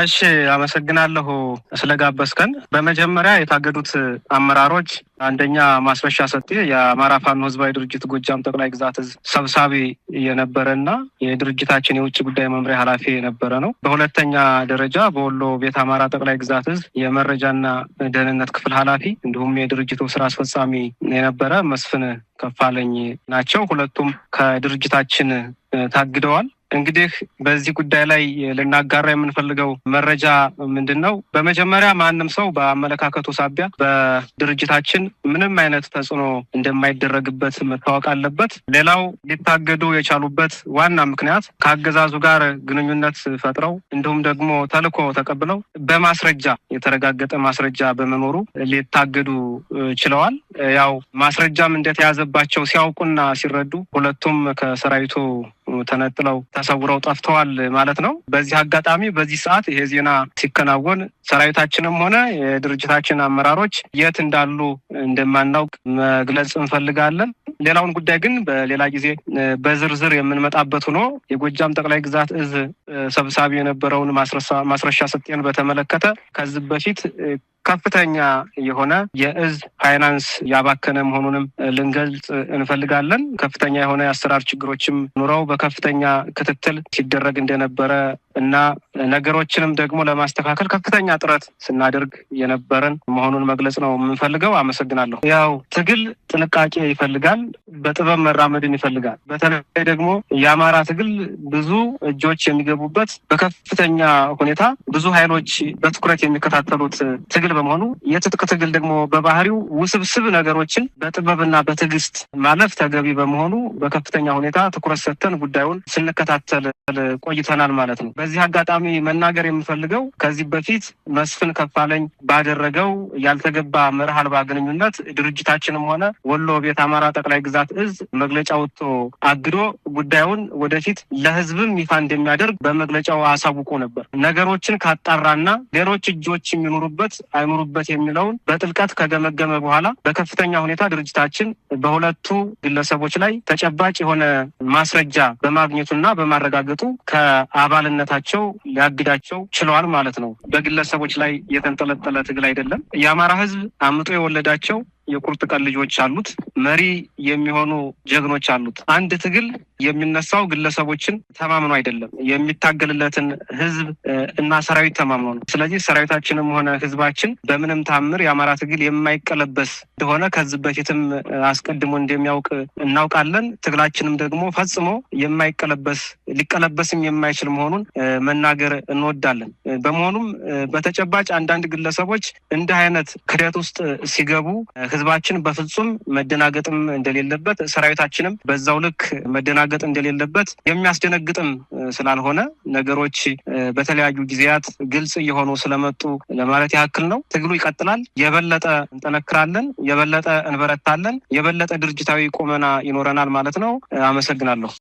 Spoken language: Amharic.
እሺ አመሰግናለሁ ስለጋበዝከን። በመጀመሪያ የታገዱት አመራሮች አንደኛ ማስረሻ ሰጤ የአማራ ፋኖ ህዝባዊ ድርጅት ጎጃም ጠቅላይ ግዛት ሰብሳቢ የነበረና የድርጅታችን የውጭ ጉዳይ መምሪያ ኃላፊ የነበረ ነው። በሁለተኛ ደረጃ በወሎ ቤት አማራ ጠቅላይ ግዛት የመረጃና ደህንነት ክፍል ኃላፊ እንዲሁም የድርጅቱ ስራ አስፈጻሚ የነበረ መስፍን ከፋለኝ ናቸው። ሁለቱም ከድርጅታችን ታግደዋል። እንግዲህ በዚህ ጉዳይ ላይ ልናጋራ የምንፈልገው መረጃ ምንድን ነው? በመጀመሪያ ማንም ሰው በአመለካከቱ ሳቢያ በድርጅታችን ምንም አይነት ተጽዕኖ እንደማይደረግበት መታወቅ አለበት። ሌላው ሊታገዱ የቻሉበት ዋና ምክንያት ከአገዛዙ ጋር ግንኙነት ፈጥረው እንዲሁም ደግሞ ተልዕኮ ተቀብለው በማስረጃ የተረጋገጠ ማስረጃ በመኖሩ ሊታገዱ ችለዋል። ያው ማስረጃም እንደተያዘባቸው ሲያውቁና ሲረዱ ሁለቱም ከሰራዊቱ ተነጥለው ተሰውረው ጠፍተዋል ማለት ነው። በዚህ አጋጣሚ በዚህ ሰዓት ይሄ ዜና ሲከናወን ሰራዊታችንም ሆነ የድርጅታችን አመራሮች የት እንዳሉ እንደማናውቅ መግለጽ እንፈልጋለን። ሌላውን ጉዳይ ግን በሌላ ጊዜ በዝርዝር የምንመጣበት ሆኖ የጎጃም ጠቅላይ ግዛት እዝ ሰብሳቢ የነበረውን ማስረሻ ስጤን በተመለከተ ከዚህ በፊት ከፍተኛ የሆነ የእዝ ፋይናንስ ያባከነ መሆኑንም ልንገልጽ እንፈልጋለን። ከፍተኛ የሆነ የአሰራር ችግሮችም ኑረው በከፍተኛ ክትትል ሲደረግ እንደነበረ እና ነገሮችንም ደግሞ ለማስተካከል ከፍተኛ ጥረት ስናደርግ የነበረን መሆኑን መግለጽ ነው የምንፈልገው። አመሰግናለሁ። ያው ትግል ጥንቃቄ ይፈልጋል፣ በጥበብ መራመድን ይፈልጋል። በተለይ ደግሞ የአማራ ትግል ብዙ እጆች የሚገቡበት በከፍተኛ ሁኔታ ብዙ ኃይሎች በትኩረት የሚከታተሉት ትግል በመሆኑ የትጥቅ ትግል ደግሞ በባህሪው ውስብስብ ነገሮችን በጥበብና በትዕግስት ማለፍ ተገቢ በመሆኑ በከፍተኛ ሁኔታ ትኩረት ሰጥተን ጉዳዩን ስንከታተል ቆይተናል ማለት ነው። በዚህ አጋጣሚ መናገር የምፈልገው ከዚህ በፊት መስፍን ከፋለኝ ባደረገው ያልተገባ መርህ አልባ ግንኙነት ድርጅታችንም ሆነ ወሎ ቤት አማራ ጠቅላይ ግዛት እዝ መግለጫ ወጥቶ አግዶ ጉዳዩን ወደፊት ለህዝብም ይፋ እንደሚያደርግ በመግለጫው አሳውቆ ነበር። ነገሮችን ካጣራና ሌሎች እጆች የሚኖሩበት አይኖሩበት የሚለውን በጥልቀት ከገመገመ በኋላ በከፍተኛ ሁኔታ ድርጅታችን በሁለቱ ግለሰቦች ላይ ተጨባጭ የሆነ ማስረጃ በማግኘቱና በማረጋገጡ ከአባልነታቸው ሊያግዳቸው ችሏል ማለት ነው። በግለሰቦች ላይ የተንጠለጠለ ትግል አይደለም። የአማራ ህዝብ አምጦ የወለዳቸው የቁርጥ ቀን ልጆች አሉት። መሪ የሚሆኑ ጀግኖች አሉት። አንድ ትግል የሚነሳው ግለሰቦችን ተማምኖ አይደለም፣ የሚታገልለትን ህዝብ እና ሰራዊት ተማምኖ ነው። ስለዚህ ሰራዊታችንም ሆነ ህዝባችን በምንም ታምር የአማራ ትግል የማይቀለበስ እንደሆነ ከዚህ በፊትም አስቀድሞ እንደሚያውቅ እናውቃለን። ትግላችንም ደግሞ ፈጽሞ የማይቀለበስ ሊቀለበስም የማይችል መሆኑን መናገር እንወዳለን። በመሆኑም በተጨባጭ አንዳንድ ግለሰቦች እንዲህ አይነት ክደት ውስጥ ሲገቡ ህዝባችን በፍጹም መደና መደናገጥም እንደሌለበት ሰራዊታችንም በዛው ልክ መደናገጥ እንደሌለበት የሚያስደነግጥም ስላልሆነ ነገሮች በተለያዩ ጊዜያት ግልጽ እየሆኑ ስለመጡ ለማለት ያክል ነው። ትግሉ ይቀጥላል። የበለጠ እንጠነክራለን፣ የበለጠ እንበረታለን፣ የበለጠ ድርጅታዊ ቁመና ይኖረናል ማለት ነው። አመሰግናለሁ።